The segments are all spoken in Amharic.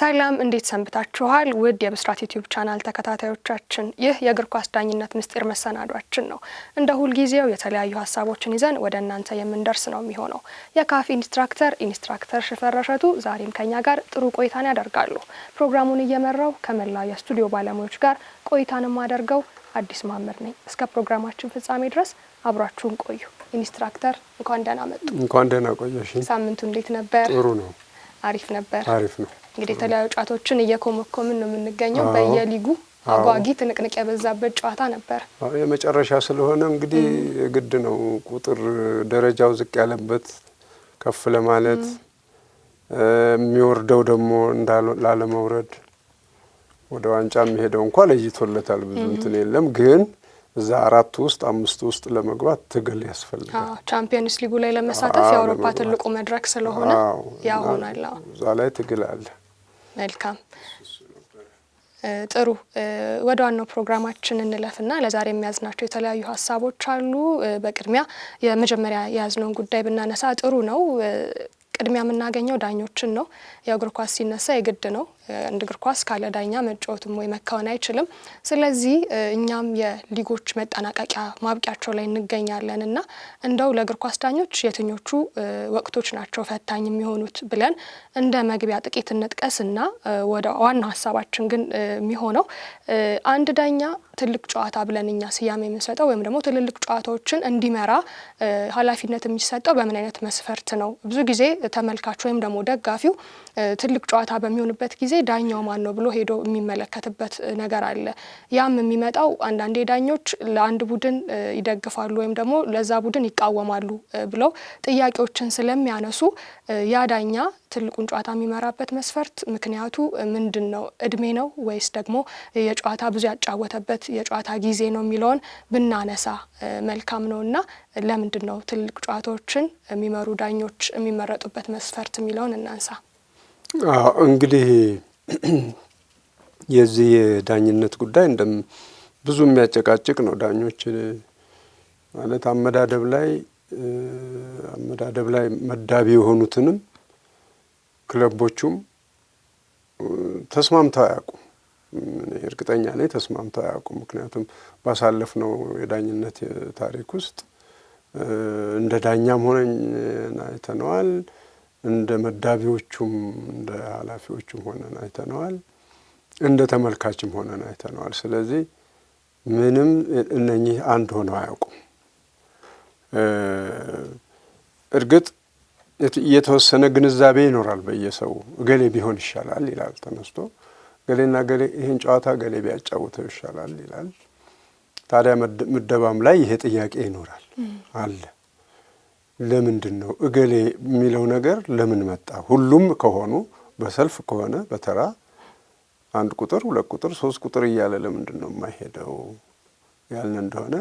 ሰላም እንዴት ሰንብታችኋል? ውድ የብስራት ዩቲዩብ ቻናል ተከታታዮቻችን፣ ይህ የእግር ኳስ ዳኝነት ምስጢር መሰናዷችን ነው። እንደ ሁልጊዜው የተለያዩ ሀሳቦችን ይዘን ወደ እናንተ የምንደርስ ነው የሚሆነው። የካፍ ኢንስትራክተር ኢንስትራክተር ሽፈረሸቱ ዛሬም ከኛ ጋር ጥሩ ቆይታን ያደርጋሉ። ፕሮግራሙን እየመራው ከመላው የስቱዲዮ ባለሙያዎች ጋር ቆይታን አደርገው አዲስ ማመር ነኝ። እስከ ፕሮግራማችን ፍጻሜ ድረስ አብሯችሁን ቆዩ። ኢንስትራክተር እንኳን ደህና መጡ። እንኳን ደህና ቆየሽ። ሳምንቱ እንዴት ነበር? ጥሩ ነው። አሪፍ ነበር። አሪፍ ነው። እንግዲህ የተለያዩ ጨዋታዎችን እየኮመኮምን ነው የምንገኘው። በየሊጉ አጓጊ ትንቅንቅ የበዛበት ጨዋታ ነበር። የመጨረሻ ስለሆነ እንግዲህ ግድ ነው ቁጥር ደረጃው ዝቅ ያለበት ከፍ ለማለት የሚወርደው ደግሞ ላለመውረድ ወደ ዋንጫ የሚሄደው እንኳ ለይቶለታል። ብዙ እንትን የለም ግን እዛ አራት ውስጥ አምስት ውስጥ ለመግባት ትግል ያስፈልጋል። ቻምፒየንስ ሊጉ ላይ ለመሳተፍ የአውሮፓ ትልቁ መድረክ ስለሆነ ያሆናል። እዛ ላይ ትግል አለ። መልካም ጥሩ ወደ ዋናው ፕሮግራማችን እንለፍና ለዛሬ የሚያዝናቸው የተለያዩ ሀሳቦች አሉ። በቅድሚያ የመጀመሪያ የያዝነውን ጉዳይ ብናነሳ ጥሩ ነው። ቅድሚያ የምናገኘው ዳኞችን ነው። ያው እግር ኳስ ሲነሳ የግድ ነው አንድ እግር ኳስ ካለ ዳኛ መጫወትም ወይ መከወን አይችልም። ስለዚህ እኛም የሊጎች መጠናቀቂያ ማብቂያቸው ላይ እንገኛለን እና እንደው ለእግር ኳስ ዳኞች የትኞቹ ወቅቶች ናቸው ፈታኝ የሚሆኑት ብለን እንደ መግቢያ ጥቂት እንጥቀስ እና ወደ ዋና ሀሳባችን ግን የሚሆነው አንድ ዳኛ ትልቅ ጨዋታ ብለን እኛ ስያሜ የምንሰጠው ወይም ደግሞ ትልልቅ ጨዋታዎችን እንዲመራ ኃላፊነት የሚሰጠው በምን አይነት መስፈርት ነው? ብዙ ጊዜ ተመልካች ወይም ደግሞ ደጋፊው ትልቅ ጨዋታ በሚሆንበት ጊዜ ዳኛው ማን ነው ብሎ ሄዶ የሚመለከትበት ነገር አለ። ያም የሚመጣው አንዳንዴ ዳኞች ለአንድ ቡድን ይደግፋሉ ወይም ደግሞ ለዛ ቡድን ይቃወማሉ ብለው ጥያቄዎችን ስለሚያነሱ ያ ዳኛ ትልቁን ጨዋታ የሚመራበት መስፈርት ምክንያቱ ምንድን ነው? እድሜ ነው ወይስ ደግሞ የጨዋታ ብዙ ያጫወተበት የጨዋታ ጊዜ ነው የሚለውን ብናነሳ መልካም ነው እና ለምንድን ነው ትልቅ ጨዋታዎችን የሚመሩ ዳኞች የሚመረጡበት መስፈርት የሚለውን እናንሳ። እንግዲህ የዚህ የዳኝነት ጉዳይ እንደም ብዙ የሚያጨቃጭቅ ነው። ዳኞች ማለት አመዳደብ ላይ አመዳደብ ላይ መዳቢ የሆኑትንም ክለቦቹም ተስማምተው አያውቁም። እርግጠኛ ላይ ተስማምተው አያውቁም። ምክንያቱም ነው የዳኝነት ታሪክ ውስጥ እንደ ዳኛም ሆነን አይተነዋል። እንደ መዳቢዎቹም እንደ ኃላፊዎቹም ሆነን አይተነዋል። እንደ ተመልካችም ሆነን አይተነዋል። ስለዚህ ምንም እነኚህ አንድ ሆነው አያውቁም። እርግጥ የተወሰነ ግንዛቤ ይኖራል በየሰው እገሌ ቢሆን ይሻላል ይላል ተነስቶ ገሌና ገሌ ይህን ጨዋታ ገሌ ቢያጫውተው ይሻላል ይላል። ታዲያ ምደባም ላይ ይሄ ጥያቄ ይኖራል አለ ለምንድን ነው እገሌ የሚለው ነገር ለምን መጣ? ሁሉም ከሆኑ በሰልፍ ከሆነ በተራ አንድ ቁጥር ሁለት ቁጥር ሶስት ቁጥር እያለ ለምንድን ነው የማይሄደው ያልን እንደሆነ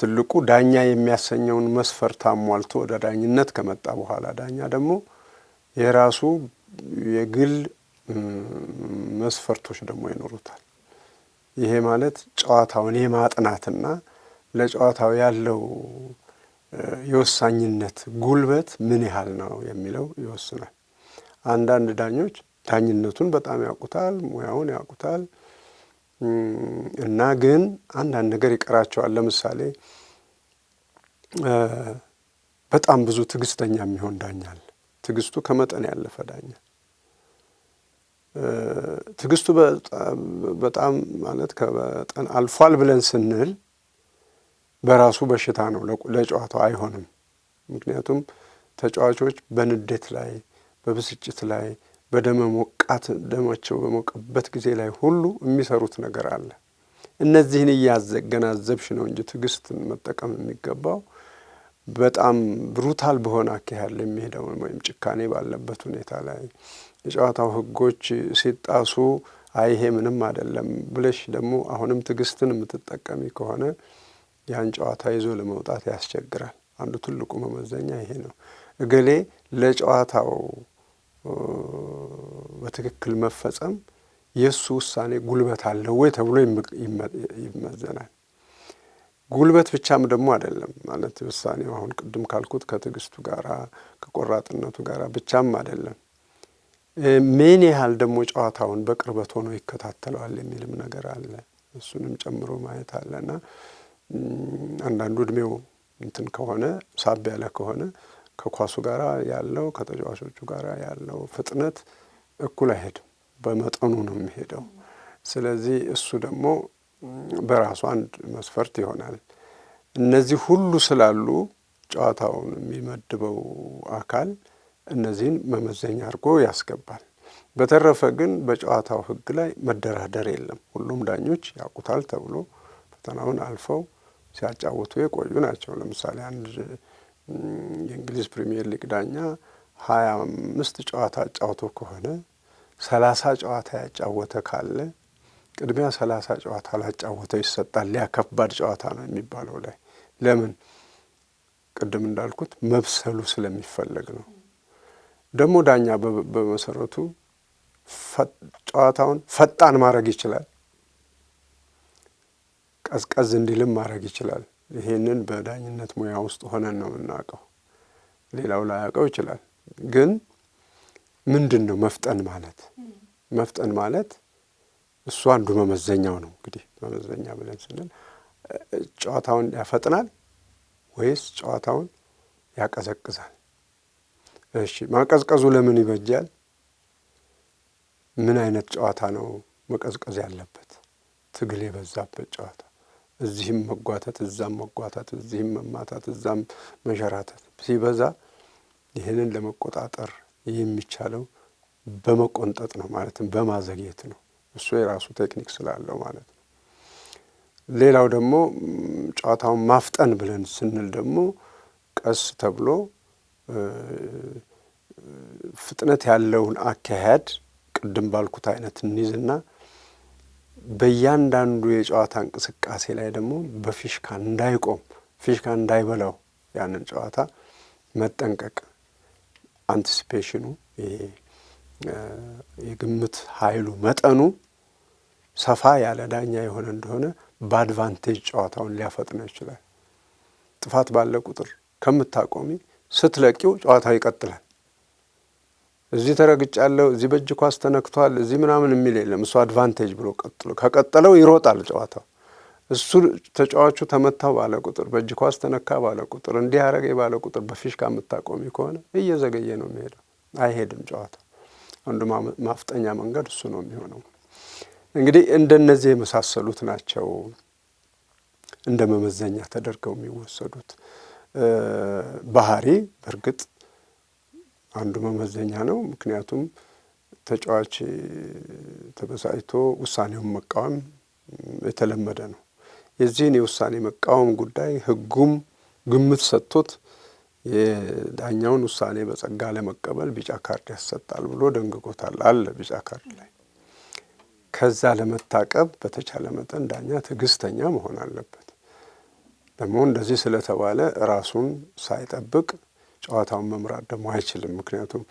ትልቁ ዳኛ የሚያሰኘውን መስፈርት አሟልቶ ወደ ዳኝነት ከመጣ በኋላ ዳኛ ደግሞ የራሱ የግል መስፈርቶች ደግሞ ይኖሩታል። ይሄ ማለት ጨዋታውን የማጥናትና ለጨዋታው ያለው የወሳኝነት ጉልበት ምን ያህል ነው የሚለው ይወስናል። አንዳንድ ዳኞች ዳኝነቱን በጣም ያውቁታል፣ ሙያውን ያውቁታል እና ግን አንዳንድ ነገር ይቀራቸዋል። ለምሳሌ በጣም ብዙ ትዕግስተኛ የሚሆን ዳኛል። ትዕግስቱ ከመጠን ያለፈ ዳኛ ትዕግስቱ በጣም ማለት ከመጠን አልፏል ብለን ስንል በራሱ በሽታ ነው፣ ለጨዋታው አይሆንም። ምክንያቱም ተጫዋቾች በንዴት ላይ፣ በብስጭት ላይ፣ በደመ ሞቃት ደማቸው በሞቀበት ጊዜ ላይ ሁሉ የሚሰሩት ነገር አለ። እነዚህን እያገናዘብሽ ነው እንጂ ትዕግስትን መጠቀም የሚገባው በጣም ብሩታል በሆነ አካሄድ ለሚሄደው ወይም ጭካኔ ባለበት ሁኔታ ላይ የጨዋታው ሕጎች ሲጣሱ አይሄ ምንም አይደለም ብለሽ ደግሞ አሁንም ትዕግስትን የምትጠቀሚ ከሆነ ያን ጨዋታ ይዞ ለመውጣት ያስቸግራል። አንዱ ትልቁ መመዘኛ ይሄ ነው። እገሌ ለጨዋታው በትክክል መፈጸም የእሱ ውሳኔ ጉልበት አለው ወይ ተብሎ ይመዘናል። ጉልበት ብቻም ደግሞ አይደለም ማለት ውሳኔው አሁን ቅድም ካልኩት ከትዕግስቱ ጋራ ከቆራጥነቱ ጋራ ብቻም አይደለም። ምን ያህል ደግሞ ጨዋታውን በቅርበት ሆኖ ይከታተለዋል የሚልም ነገር አለ። እሱንም ጨምሮ ማየት አለና አንዳንዱ እድሜው እንትን ከሆነ ሳብ ያለ ከሆነ ከኳሱ ጋር ያለው ከተጫዋቾቹ ጋር ያለው ፍጥነት እኩል አይሄድም፣ በመጠኑ ነው የሚሄደው። ስለዚህ እሱ ደግሞ በራሱ አንድ መስፈርት ይሆናል። እነዚህ ሁሉ ስላሉ ጨዋታውን የሚመድበው አካል እነዚህን መመዘኛ አድርጎ ያስገባል። በተረፈ ግን በጨዋታው ሕግ ላይ መደራደር የለም። ሁሉም ዳኞች ያውቁታል ተብሎ ፈተናውን አልፈው ሲያጫወቱ የቆዩ ናቸው። ለምሳሌ አንድ የእንግሊዝ ፕሪሚየር ሊግ ዳኛ ሀያ አምስት ጨዋታ አጫውቶ ከሆነ ሰላሳ ጨዋታ ያጫወተ ካለ ቅድሚያ ሰላሳ ጨዋታ ላጫወተው ይሰጣል። ያ ከባድ ጨዋታ ነው የሚባለው ላይ ለምን ቅድም እንዳልኩት መብሰሉ ስለሚፈለግ ነው። ደግሞ ዳኛ በመሰረቱ ጨዋታውን ፈጣን ማድረግ ይችላል። ቀዝቀዝ እንዲልም ማድረግ ይችላል። ይሄንን በዳኝነት ሙያ ውስጥ ሆነን ነው የምናውቀው። ሌላው ላያውቀው ይችላል። ግን ምንድን ነው መፍጠን ማለት? መፍጠን ማለት እሱ አንዱ መመዘኛው ነው። እንግዲህ መመዘኛ ብለን ስንል ጨዋታውን ያፈጥናል ወይስ ጨዋታውን ያቀዘቅዛል? እሺ ማቀዝቀዙ ለምን ይበጃል? ምን አይነት ጨዋታ ነው መቀዝቀዝ ያለበት? ትግል የበዛበት ጨዋታ እዚህም መጓተት፣ እዛም መጓተት፣ እዚህም መማታት፣ እዛም መሸራታት ሲበዛ ይህንን ለመቆጣጠር የሚቻለው በመቆንጠጥ ነው፣ ማለትም በማዘግየት ነው። እሱ የራሱ ቴክኒክ ስላለው ማለት ነው። ሌላው ደግሞ ጨዋታውን ማፍጠን ብለን ስንል ደግሞ ቀስ ተብሎ ፍጥነት ያለውን አካሄድ ቅድም ባልኩት አይነት እንይዝና በእያንዳንዱ የጨዋታ እንቅስቃሴ ላይ ደግሞ በፊሽካ እንዳይቆም ፊሽካ እንዳይበላው ያንን ጨዋታ መጠንቀቅ አንቲሲፔሽኑ ይሄ የግምት ኃይሉ መጠኑ ሰፋ ያለ ዳኛ የሆነ እንደሆነ በአድቫንቴጅ ጨዋታውን ሊያፈጥነው ይችላል። ጥፋት ባለ ቁጥር ከምታቆሚ ስትለቂው ጨዋታው ይቀጥላል። እዚህ ተረግጫለሁ፣ እዚህ በእጅ ኳስ ተነክቷል፣ እዚህ ምናምን የሚል የለም። እሱ አድቫንቴጅ ብሎ ቀጥሎ ከቀጠለው ይሮጣል ጨዋታው። እሱ ተጫዋቹ ተመታው ባለ ቁጥር፣ በእጅ ኳስ ተነካ ባለ ቁጥር፣ እንዲህ ያረገ ባለ ቁጥር በፊሽካ የምታቆሚ ከሆነ እየዘገየ ነው የሚሄደው፣ አይሄድም ጨዋታው። አንዱ ማፍጠኛ መንገድ እሱ ነው የሚሆነው። እንግዲህ እንደነዚህ የመሳሰሉት ናቸው እንደ መመዘኛ ተደርገው የሚወሰዱት ባህሪ በእርግጥ አንዱ መመዘኛ ነው። ምክንያቱም ተጫዋች ተበሳጭቶ ውሳኔውን መቃወም የተለመደ ነው። የዚህን የውሳኔ መቃወም ጉዳይ ህጉም ግምት ሰጥቶት የዳኛውን ውሳኔ በጸጋ ለመቀበል ቢጫ ካርድ ያሰጣል ብሎ ደንግጎታል አለ ቢጫ ካርድ ላይ። ከዛ ለመታቀብ በተቻለ መጠን ዳኛ ትዕግስተኛ መሆን አለበት። ደግሞ እንደዚህ ስለተባለ ራሱን ሳይጠብቅ ጨዋታውን መምራት ደግሞ አይችልም። ምክንያቱም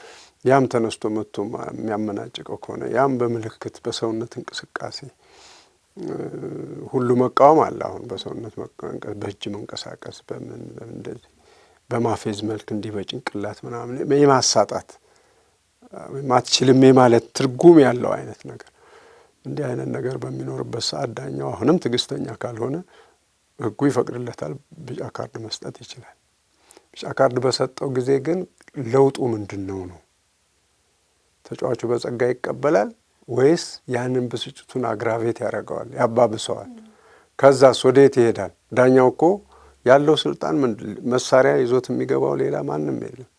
ያም ተነስቶ መጥቶ የሚያመናጭቀው ከሆነ ያም በምልክት በሰውነት እንቅስቃሴ ሁሉ መቃወም አለ። አሁን በሰውነት በእጅ መንቀሳቀስ በምን እንደዚህ በማፌዝ መልክ እንዲህ በጭንቅላት ምናምን የማሳጣት አትችልም ማለት ትርጉም ያለው አይነት ነገር እንዲህ አይነት ነገር በሚኖርበት ሰዓት ዳኛው አሁንም ትዕግስተኛ ካልሆነ ሕጉ ይፈቅድለታል፣ ቢጫ ካርድ መስጠት ይችላል። ቢጫ ካርድ በሰጠው ጊዜ ግን ለውጡ ምንድን ነው ነው? ተጫዋቹ በጸጋ ይቀበላል ወይስ ያንን ብስጭቱን አግራቤት ያደርገዋል፣ ያባብሰዋል? ከዛስ ወዴት ይሄዳል? ዳኛው እኮ ያለው ስልጣን መሳሪያ ይዞት የሚገባው ሌላ ማንም የለም፣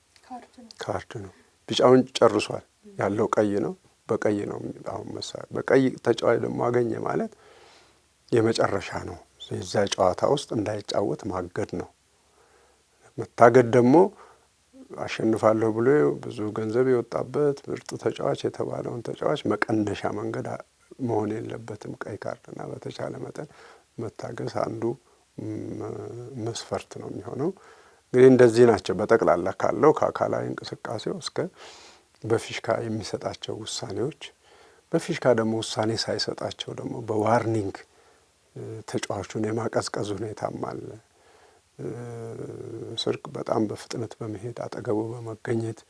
ካርድ ነው። ቢጫውን ጨርሷል፣ ያለው ቀይ ነው። በቀይ ነው አሁን መሳሪያ በቀይ ተጫዋች ደግሞ አገኘ ማለት የመጨረሻ ነው። የዛ ጨዋታ ውስጥ እንዳይጫወት ማገድ ነው። መታገድ ደግሞ አሸንፋለሁ ብሎ ብዙ ገንዘብ የወጣበት ምርጥ ተጫዋች የተባለውን ተጫዋች መቀነሻ መንገድ መሆን የለበትም ቀይ ካርድ በተቻለ መጠን መታገስ አንዱ መስፈርት ነው የሚሆነው። እንግዲህ እንደዚህ ናቸው በጠቅላላ ካለው ከአካላዊ እንቅስቃሴው እስከ በፊሽካ የሚሰጣቸው ውሳኔዎች፣ በፊሽካ ደግሞ ውሳኔ ሳይሰጣቸው ደግሞ በዋርኒንግ ተጫዋቹን የማቀዝቀዝ ሁኔታም አለ። ስልክ በጣም በፍጥነት በመሄድ አጠገቡ በመገኘት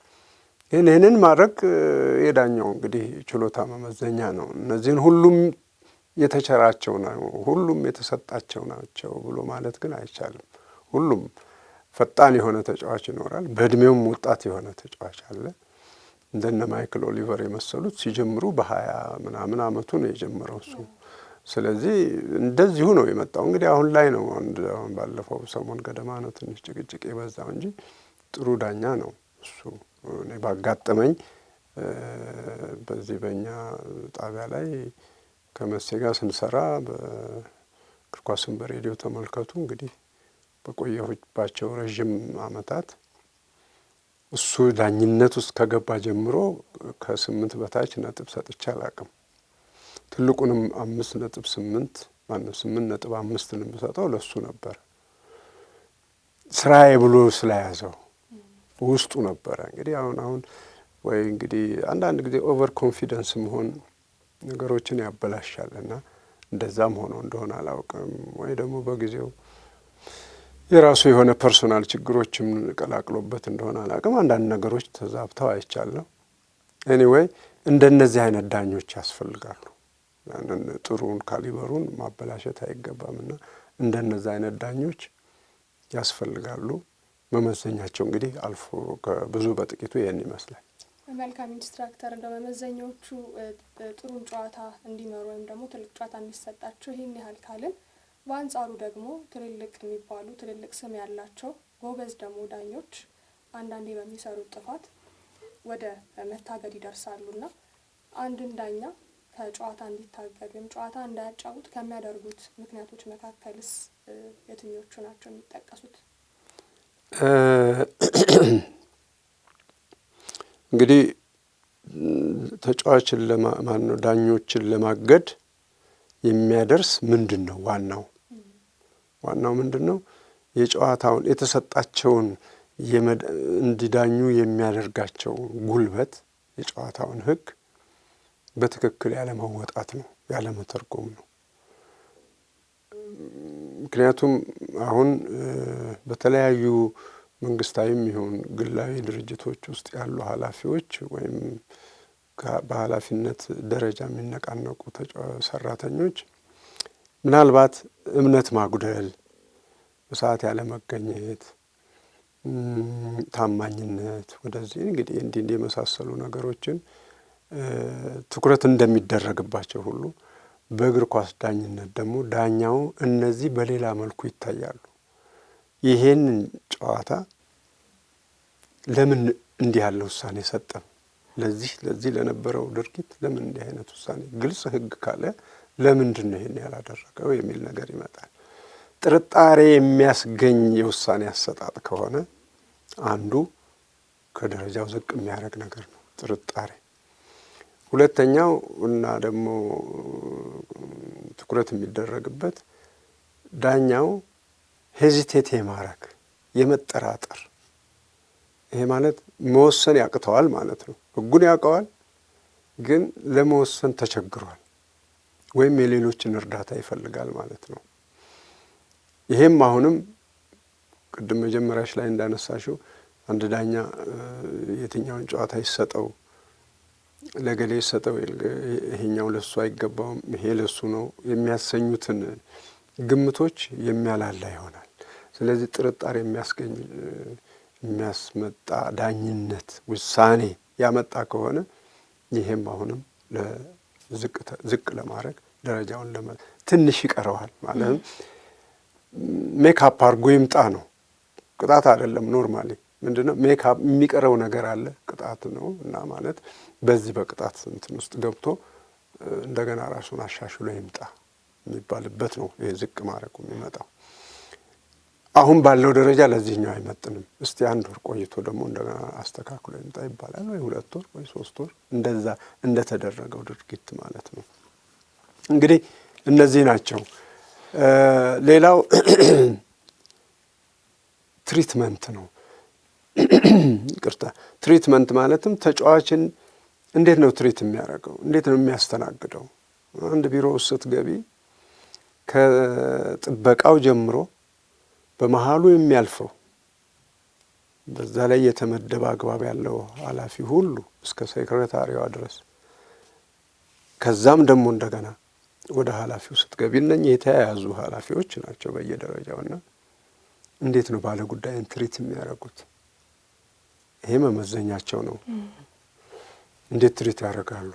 ይህን ይህንን ማድረግ የዳኛው እንግዲህ ችሎታ መመዘኛ ነው። እነዚህን ሁሉም የተቸራቸው ነው፣ ሁሉም የተሰጣቸው ናቸው ብሎ ማለት ግን አይቻልም። ሁሉም ፈጣን የሆነ ተጫዋች ይኖራል። በእድሜውም ወጣት የሆነ ተጫዋች አለ። እንደነ ማይክል ኦሊቨር የመሰሉት ሲጀምሩ በሀያ ምናምን አመቱ ነው የጀመረው እሱ ስለዚህ እንደዚሁ ነው የመጣው። እንግዲህ አሁን ላይ ነው አሁን ባለፈው ሰሞን ገደማ ነው ትንሽ ጭቅጭቅ የበዛው እንጂ ጥሩ ዳኛ ነው እሱ። እኔ ባጋጠመኝ በዚህ በእኛ ጣቢያ ላይ ከመሴ ጋር ስንሰራ በእግር ኳስን በሬዲዮ ተመልከቱ እንግዲህ በቆየሁባቸው ረዥም ዓመታት እሱ ዳኝነት ውስጥ ከገባ ጀምሮ ከስምንት በታች ነጥብ ሰጥቼ አላቅም። ትልቁንም አምስት ነጥብ ስምንት ማንም ስምንት ነጥብ አምስትን የምሰጠው ለሱ ነበር። ስራዬ ብሎ ስለያዘው ውስጡ ነበረ። እንግዲህ አሁን አሁን ወይ እንግዲህ አንዳንድ ጊዜ ኦቨር ኮንፊደንስ መሆን ነገሮችን ያበላሻል እና እንደዛም ሆኖ እንደሆነ አላውቅም። ወይ ደግሞ በጊዜው የራሱ የሆነ ፐርሶናል ችግሮችም ቀላቅሎበት እንደሆነ አላውቅም። አንዳንድ ነገሮች ተዛብተው አይቻለሁ። ኤኒዌይ እንደነዚህ አይነት ዳኞች ያስፈልጋሉ። ያንን ጥሩን ካሊበሩን ማበላሸት አይገባም እና እንደነዚ አይነት ዳኞች ያስፈልጋሉ። መመዘኛቸው እንግዲህ አልፎ ከብዙ በጥቂቱ ይህን ይመስላል። መልካም ኢንስትራክተር፣ እንደ መመዘኛዎቹ ጥሩን ጨዋታ እንዲመሩ ወይም ደግሞ ትልቅ ጨዋታ እንዲሰጣቸው ይህን ያህል ካልን፣ በአንጻሩ ደግሞ ትልልቅ የሚባሉ ትልልቅ ስም ያላቸው ጎበዝ ደግሞ ዳኞች አንዳንዴ በሚሰሩት ጥፋት ወደ መታገድ ይደርሳሉና አንድን ዳኛ ከጨዋታ እንዲታገድ ወይም ጨዋታ እንዳያጫውት ከሚያደርጉት ምክንያቶች መካከልስ የትኞቹ ናቸው የሚጠቀሱት? እንግዲህ ተጫዋችን ለማን ነው ዳኞችን ለማገድ የሚያደርስ ምንድን ነው ዋናው ዋናው ምንድን ነው የጨዋታውን የተሰጣቸውን እንዲዳኙ የሚያደርጋቸውን ጉልበት የጨዋታውን ሕግ በትክክል ያለመወጣት ነው፣ ያለመተርጎም ነው። ምክንያቱም አሁን በተለያዩ መንግስታዊም ይሁን ግላዊ ድርጅቶች ውስጥ ያሉ ኃላፊዎች ወይም በኃላፊነት ደረጃ የሚነቃነቁ ሰራተኞች ምናልባት እምነት ማጉደል፣ በሰዓት ያለመገኘት፣ ታማኝነት ወደዚህ እንግዲህ እንዲህ እንዲህ የመሳሰሉ ነገሮችን ትኩረት እንደሚደረግባቸው ሁሉ በእግር ኳስ ዳኝነት ደግሞ ዳኛው እነዚህ በሌላ መልኩ ይታያሉ። ይሄንን ጨዋታ ለምን እንዲህ ያለ ውሳኔ ሰጠም? ለዚህ ለዚህ ለነበረው ድርጊት ለምን እንዲህ አይነት ውሳኔ ግልጽ ህግ ካለ ለምንድን ነው ይሄን ያላደረገው የሚል ነገር ይመጣል። ጥርጣሬ የሚያስገኝ የውሳኔ አሰጣጥ ከሆነ አንዱ ከደረጃው ዝቅ የሚያደርግ ነገር ነው ጥርጣሬ ሁለተኛው እና ደግሞ ትኩረት የሚደረግበት ዳኛው ሄዚቴት የማረክ የመጠራጠር ይሄ ማለት መወሰን ያቅተዋል ማለት ነው። ህጉን ያውቀዋል ግን ለመወሰን ተቸግሯል ወይም የሌሎችን እርዳታ ይፈልጋል ማለት ነው። ይሄም አሁንም ቅድም መጀመሪያሽ ላይ እንዳነሳሽው አንድ ዳኛ የትኛውን ጨዋታ ይሰጠው ለገሌ ሰጠው፣ ይሄኛው ለሱ አይገባውም፣ ይሄ ለሱ ነው የሚያሰኙትን ግምቶች የሚያላላ ይሆናል። ስለዚህ ጥርጣሬ የሚያስገኝ የሚያስመጣ ዳኝነት ውሳኔ ያመጣ ከሆነ ይሄም አሁንም ዝቅ ለማድረግ ደረጃውን ለመ ትንሽ ይቀረዋል። ማለትም ሜካፕ አድርጎ ይምጣ ነው፣ ቅጣት አይደለም ኖርማሊ ምንድነው ሜካፕ የሚቀረው ነገር አለ ቅጣት ነው እና ማለት በዚህ በቅጣት እንትን ውስጥ ገብቶ እንደገና ራሱን አሻሽሎ ይምጣ የሚባልበት ነው። ይሄ ዝቅ ማድረጉ የሚመጣው አሁን ባለው ደረጃ ለዚህኛው አይመጥንም፣ እስቲ አንድ ወር ቆይቶ ደግሞ እንደገና አስተካክሎ ይምጣ ይባላል። ወይ ሁለት ወር ወይ ሶስት ወር እንደዛ እንደተደረገው ድርጊት ማለት ነው። እንግዲህ እነዚህ ናቸው። ሌላው ትሪትመንት ነው። ቅርታ ትሪትመንት ማለትም ተጫዋችን እንዴት ነው ትሪት የሚያደርገው? እንዴት ነው የሚያስተናግደው? አንድ ቢሮ ውስጥ ስትገቢ ከጥበቃው ጀምሮ በመሀሉ የሚያልፈው በዛ ላይ የተመደበ አግባብ ያለው ኃላፊ ሁሉ እስከ ሴክሬታሪዋ ድረስ ከዛም ደግሞ እንደገና ወደ ኃላፊው ስትገቢ እነ የተያያዙ ኃላፊዎች ናቸው በየደረጃውና እንዴት ነው ባለ ጉዳይን ትሪት የሚያደርጉት? ይሄ መመዘኛቸው ነው። እንዴት ትሪት ያደርጋሉ?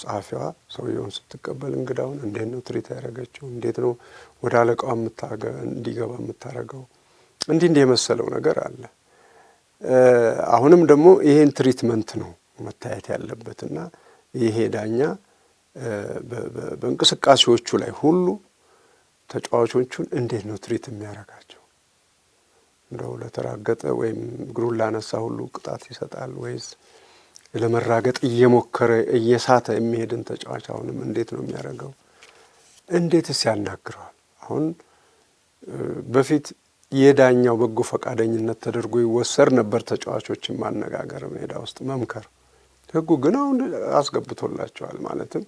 ጸሐፊዋ ሰውየውን ስትቀበል እንግዳውን እንዴት ነው ትሪት ያደረገችው? እንዴት ነው ወደ አለቃዋ እንዲገባ የምታደርገው? እንዲህ እንዲህ የመሰለው ነገር አለ። አሁንም ደግሞ ይሄን ትሪትመንት ነው መታየት ያለበት እና ይሄ ዳኛ በእንቅስቃሴዎቹ ላይ ሁሉ ተጫዋቾቹን እንዴት ነው ትሪት የሚያደርጋቸው እንደው ለተራገጠ ወይም እግሩን ላነሳ ሁሉ ቅጣት ይሰጣል ወይስ ለመራገጥ እየሞከረ እየሳተ የሚሄድን ተጫዋች አሁንም እንዴት ነው የሚያደርገው? እንዴትስ ያናግረዋል? አሁን በፊት የዳኛው በጎ ፈቃደኝነት ተደርጎ ይወሰድ ነበር። ተጫዋቾችን ማነጋገር፣ ሜዳ ውስጥ መምከር። ህጉ ግን አሁን አስገብቶላቸዋል። ማለትም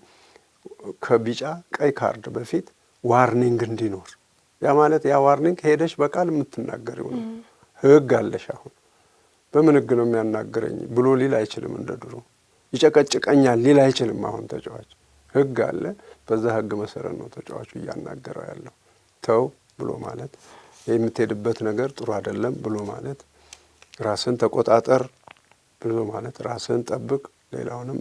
ከቢጫ ቀይ ካርድ በፊት ዋርኒንግ እንዲኖር ያ ማለት ያ ዋርኒንግ ሄደሽ በቃል የምትናገር ነው። ህግ አለሽ። አሁን በምን ህግ ነው የሚያናግረኝ ብሎ ሊል አይችልም። እንደ ድሮ ይጨቀጭቀኛል ሊል አይችልም። አሁን ተጫዋች ህግ አለ። በዛ ህግ መሰረት ነው ተጫዋቹ እያናገረው ያለው። ተው ብሎ ማለት የምትሄድበት ነገር ጥሩ አይደለም ብሎ ማለት፣ ራስን ተቆጣጠር ብሎ ማለት፣ ራስን ጠብቅ፣ ሌላውንም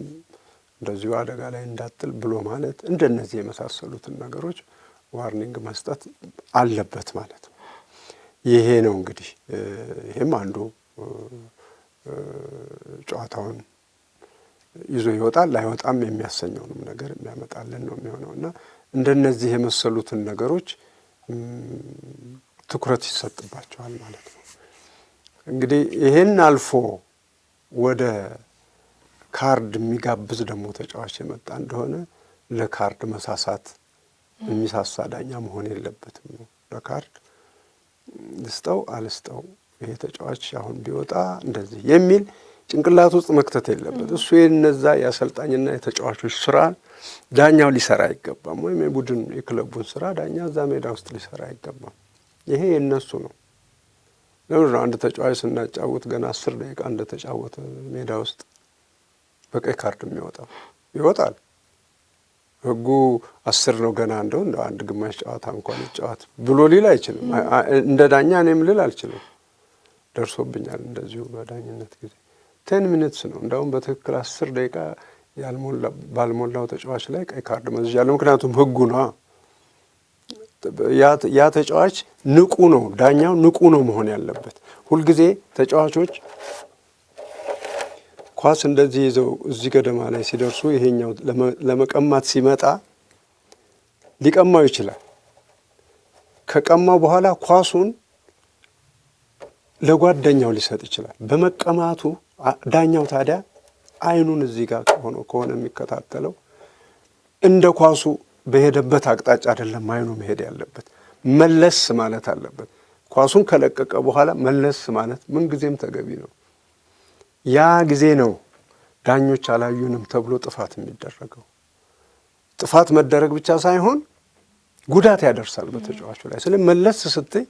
እንደዚሁ አደጋ ላይ እንዳጥል ብሎ ማለት፣ እንደነዚህ የመሳሰሉትን ነገሮች ዋርኒንግ መስጠት አለበት ማለት ነው። ይሄ ነው እንግዲህ ይሄም አንዱ ጨዋታውን ይዞ ይወጣል አይወጣም የሚያሰኘውንም ነገር የሚያመጣልን ነው የሚሆነው እና እንደነዚህ የመሰሉትን ነገሮች ትኩረት ይሰጥባቸዋል ማለት ነው። እንግዲህ ይሄን አልፎ ወደ ካርድ የሚጋብዝ ደግሞ ተጫዋች የመጣ እንደሆነ ለካርድ መሳሳት የሚሳሳ ዳኛ መሆን የለበትም ነው። በካርድ ልስጠው አልስጠው ይሄ ተጫዋች አሁን ቢወጣ እንደዚህ የሚል ጭንቅላት ውስጥ መክተት የለበት። እሱ የነዛ የአሰልጣኝና የተጫዋቾች ስራ ዳኛው ሊሰራ አይገባም። ወይም የቡድን የክለቡን ስራ ዳኛ እዛ ሜዳ ውስጥ ሊሰራ አይገባም። ይሄ የነሱ ነው። ለምንድን ነው አንድ ተጫዋች ስናጫወት ገና አስር ደቂቃ እንደተጫወተ ሜዳ ውስጥ በቀይ ካርድ የሚወጣው? ይወጣል። ህጉ አስር ነው ገና እንደው እንደ አንድ ግማሽ ጨዋታ እንኳን ጨዋት ብሎ ሊል አይችልም። እንደ ዳኛ እኔም ልል አልችልም። ደርሶብኛል እንደዚሁ በዳኝነት ጊዜ ቴን ሚኒትስ ነው እንደውም በትክክል አስር ደቂቃ ባልሞላው ተጫዋች ላይ ቀይ ካርድ መዝዣለሁ። ምክንያቱም ህጉ ነ ያ ተጫዋች ንቁ ነው፣ ዳኛው ንቁ ነው መሆን ያለበት ሁልጊዜ ተጫዋቾች ኳስ እንደዚህ ይዘው እዚህ ገደማ ላይ ሲደርሱ ይሄኛው ለመቀማት ሲመጣ ሊቀማው ይችላል። ከቀማው በኋላ ኳሱን ለጓደኛው ሊሰጥ ይችላል። በመቀማቱ ዳኛው ታዲያ አይኑን እዚህ ጋር ከሆነ ከሆነ የሚከታተለው እንደ ኳሱ በሄደበት አቅጣጫ አይደለም አይኑ መሄድ ያለበት፣ መለስ ማለት አለበት። ኳሱን ከለቀቀ በኋላ መለስ ማለት ምንጊዜም ተገቢ ነው። ያ ጊዜ ነው ዳኞች አላዩንም ተብሎ ጥፋት የሚደረገው። ጥፋት መደረግ ብቻ ሳይሆን ጉዳት ያደርሳል በተጫዋቹ ላይ። ስለ መለስ ስትይ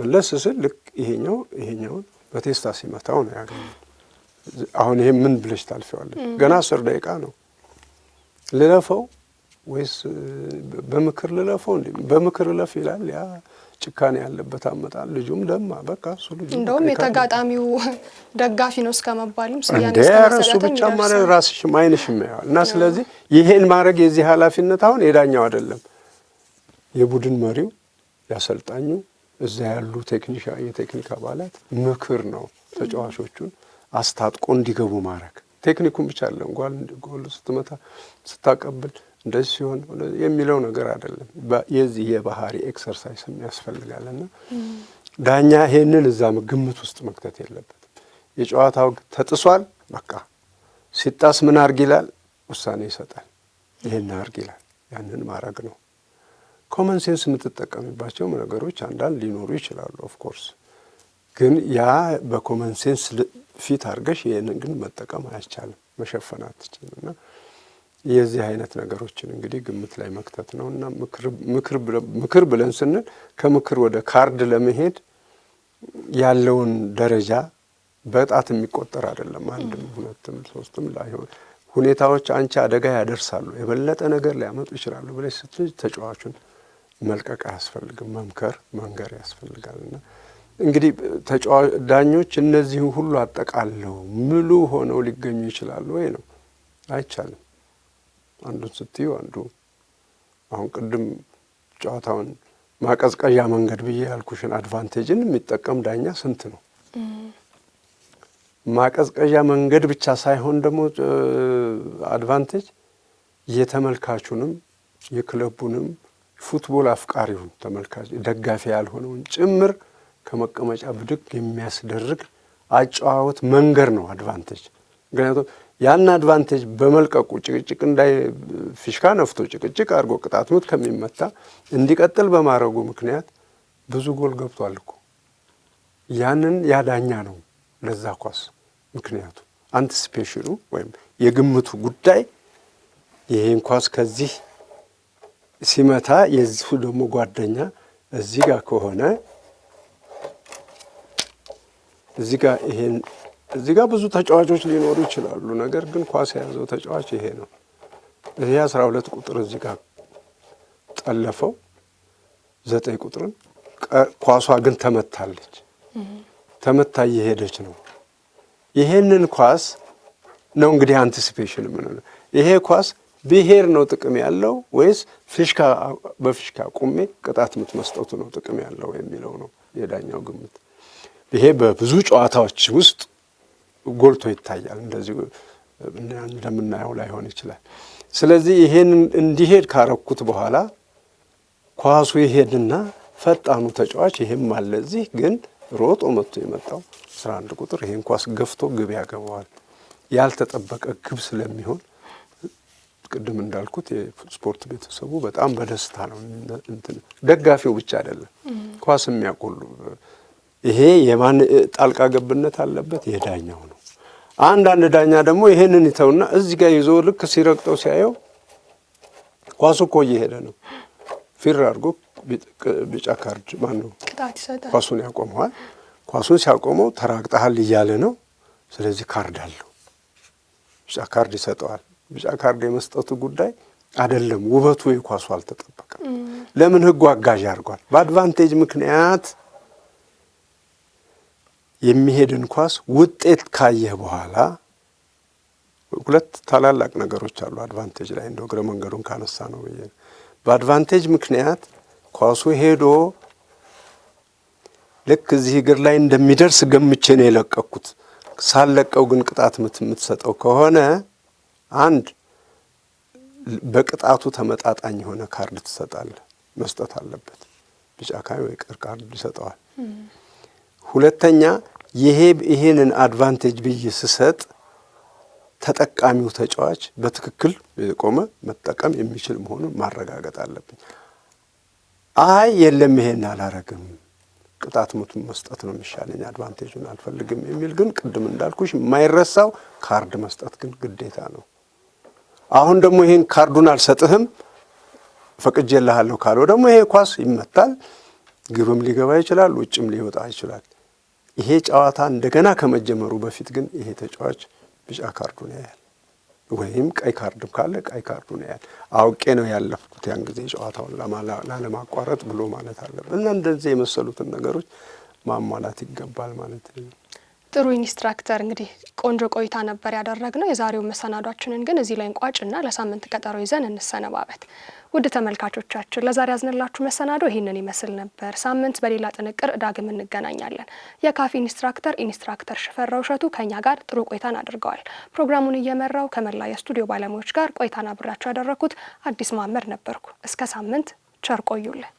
መለስ ስል ልክ ይሄኛው ይሄኛውን በቴስታ ሲመታው ነው ያገኘ። አሁን ይሄ ምን ብለሽ ታልፊዋለች? ገና አስር ደቂቃ ነው። ልለፈው ወይስ በምክር ልለፈው? እንዲ በምክር እለፍ ይላል ያ ጭካኔ ያለበት አመጣል። ልጁም ደማ በቃ እሱ ልጁ እንደውም የተጋጣሚው ደጋፊ ነው እስከ እስከመባልም እሱ ብቻ ማለት ራስሽም አይንሽም ያዋል እና ስለዚህ ይሄን ማድረግ የዚህ ኃላፊነት አሁን የዳኛው አይደለም፣ የቡድን መሪው ያሰልጣኙ፣ እዛ ያሉ ቴክኒሻ የቴክኒክ አባላት ምክር ነው ተጫዋቾቹን አስታጥቆ እንዲገቡ ማድረግ። ቴክኒኩን ብቻ አለን ጓል ጎል ስትመታ ስታቀብል እንደዚህ ሲሆን የሚለው ነገር አይደለም። የዚህ የባህሪ ኤክሰርሳይስ የሚያስፈልጋል ዳኛ ይሄንን እዛ ግምት ውስጥ መክተት የለበትም። የጨዋታው ተጥሷል፣ በቃ ሲጣስ ምን አርግ ይላል፣ ውሳኔ ይሰጣል። ይህን አርግ ይላል፣ ያንን ማድረግ ነው። ኮመን ሴንስ የምትጠቀምባቸውም ነገሮች አንዳንድ ሊኖሩ ይችላሉ። ኦፍኮርስ ግን ያ በኮመን ሴንስ ፊት አድርገሽ ይህንን ግን መጠቀም አያስቻልም፣ መሸፈን አትችልም እና የዚህ አይነት ነገሮችን እንግዲህ ግምት ላይ መክተት ነው እና ምክር ብለን ስንል ከምክር ወደ ካርድ ለመሄድ ያለውን ደረጃ በጣት የሚቆጠር አይደለም። አንድም ሁለትም ሶስትም ላይሆን ሁኔታዎች አንቺ አደጋ ያደርሳሉ፣ የበለጠ ነገር ሊያመጡ ይችላሉ ብለሽ ስትል ተጫዋቹን መልቀቅ አያስፈልግም፣ መምከር መንገር ያስፈልጋል። እንግዲህ ዳኞች እነዚህን ሁሉ አጠቃለው ምሉ ሆነው ሊገኙ ይችላሉ ወይ ነው አይቻልም። አንዱን ስትዩ አንዱ አሁን ቅድም ጨዋታውን ማቀዝቀዣ መንገድ ብዬ ያልኩሽን አድቫንቴጅን የሚጠቀም ዳኛ ስንት ነው? ማቀዝቀዣ መንገድ ብቻ ሳይሆን ደግሞ አድቫንቴጅ የተመልካቹንም የክለቡንም ፉትቦል አፍቃሪውን ተመልካች ደጋፊ ያልሆነውን ጭምር ከመቀመጫ ብድግ የሚያስደርግ አጨዋወት መንገድ ነው አድቫንቴጅ ምክንያቱም ያን አድቫንቴጅ በመልቀቁ ጭቅጭቅ እንዳይ ፊሽካ ነፍቶ ጭቅጭቅ አድርጎ ቅጣት ምት ከሚመታ እንዲቀጥል በማድረጉ ምክንያት ብዙ ጎል ገብቷል እኮ። ያንን ያዳኛ ነው ለዛ ኳስ ምክንያቱ አንቲስፔሽኑ ወይም የግምቱ ጉዳይ ይሄን ኳስ ከዚህ ሲመታ የዚሁ ደግሞ ጓደኛ እዚህ ጋር ከሆነ እዚህ ጋር ይሄን እዚህ ጋር ብዙ ተጫዋቾች ሊኖሩ ይችላሉ። ነገር ግን ኳስ የያዘው ተጫዋች ይሄ ነው። ይሄ አስራ ሁለት ቁጥር እዚህ ጋር ጠለፈው ዘጠኝ ቁጥርን ኳሷ ግን ተመታለች። ተመታ እየሄደች ነው። ይሄንን ኳስ ነው እንግዲህ አንቲሲፔሽን የምንለው። ይሄ ኳስ ብሄር ነው ጥቅም ያለው ወይስ ፊሽካ በፊሽካ ቁሜ ቅጣት ምትመስጠቱ ነው ጥቅም ያለው የሚለው ነው የዳኛው ግምት። ይሄ በብዙ ጨዋታዎች ውስጥ ጎልቶ ይታያል። እንደዚሁ እንደምናየው ላይሆን ይችላል። ስለዚህ ይሄን እንዲሄድ ካረኩት በኋላ ኳሱ ይሄድና ፈጣኑ ተጫዋች ይሄም አለ እዚህ ግን ሮጦ መጥቶ የመጣው አስራ አንድ ቁጥር ይሄን ኳስ ገፍቶ ግብ ያገባዋል። ያልተጠበቀ ግብ ስለሚሆን ቅድም እንዳልኩት የስፖርት ቤተሰቡ በጣም በደስታ ነው። ደጋፊው ብቻ አይደለም ኳስ የሚያቆሉ ይሄ የማን ጣልቃ ገብነት አለበት? የዳኛው ነው። አንዳንድ ዳኛ ደግሞ ይሄንን ይተውና እዚህ ጋር ይዞ ልክ ሲረግጠው ሲያየው ኳሱ እኮ እየሄደ ነው፣ ፊር አድርጎ ቢጫ ካርድ ማነው ኳሱን ያቆመዋል። ኳሱን ሲያቆመው ተራግጠሃል እያለ ነው። ስለዚህ ካርድ አለው፣ ቢጫ ካርድ ይሰጠዋል። ቢጫ ካርድ የመስጠቱ ጉዳይ አይደለም፣ ውበቱ የኳሱ አልተጠበቀም። ለምን ህጉ አጋዥ አድርጓል። በአድቫንቴጅ ምክንያት የሚሄድን ኳስ ውጤት ካየህ በኋላ ሁለት ታላላቅ ነገሮች አሉ። አድቫንቴጅ ላይ እንደ እግረ መንገዱን ካነሳ ነው ብዬ በአድቫንቴጅ ምክንያት ኳሱ ሄዶ ልክ እዚህ እግር ላይ እንደሚደርስ ገምቼ ነው የለቀኩት። ሳለቀው ግን ቅጣት የምትሰጠው ከሆነ አንድ በቅጣቱ ተመጣጣኝ የሆነ ካርድ ትሰጣለህ። መስጠት አለበት። ቢጫ ካይ ወይ ቀይ ካርድ ይሰጠዋል። ሁለተኛ ይሄ ይሄንን አድቫንቴጅ ብዬ ስሰጥ ተጠቃሚው ተጫዋች በትክክል ቆመ መጠቀም የሚችል መሆኑን ማረጋገጥ አለብኝ። አይ የለም ይሄን አላረግም፣ ቅጣት ምቱን መስጠት ነው የሚሻለኝ፣ አድቫንቴጁን አልፈልግም የሚል ግን ቅድም እንዳልኩሽ የማይረሳው ካርድ መስጠት ግን ግዴታ ነው። አሁን ደግሞ ይሄን ካርዱን አልሰጥህም ፈቅጄልሃለሁ ካልሆ ደግሞ ይሄ ኳስ ይመታል፣ ግብም ሊገባ ይችላል፣ ውጭም ሊወጣ ይችላል። ይሄ ጨዋታ እንደገና ከመጀመሩ በፊት ግን ይሄ ተጫዋች ቢጫ ካርዱን ያያል፣ ወይም ቀይ ካርድም ካለ ቀይ ካርዱን ያያል። አውቄ ነው ያለፍኩት ያን ጊዜ ጨዋታውን ላለማቋረጥ ብሎ ማለት አለበት እና እንደዚህ የመሰሉትን ነገሮች ማሟላት ይገባል ማለት ነው። ጥሩ ኢንስትራክተር እንግዲህ ቆንጆ ቆይታ ነበር ያደረግነው። የዛሬው መሰናዷችንን ግን እዚህ ላይ እንቋጭና ለሳምንት ቀጠሮ ይዘን እንሰነባበት። ውድ ተመልካቾቻችን ለዛሬ ያዝንላችሁ መሰናዶ ይህንን ይመስል ነበር። ሳምንት በሌላ ጥንቅር ዳግም እንገናኛለን። የካፊ ኢንስትራክተር ኢንስትራክተር ሽፈራው እሸቱ ከእኛ ጋር ጥሩ ቆይታን አድርገዋል። ፕሮግራሙን እየመራው ከመላ የስቱዲዮ ባለሙያዎች ጋር ቆይታን አብሬያቸው ያደረግኩት አዲስ ማመድ ነበርኩ። እስከ ሳምንት ቸር ቆዩልን።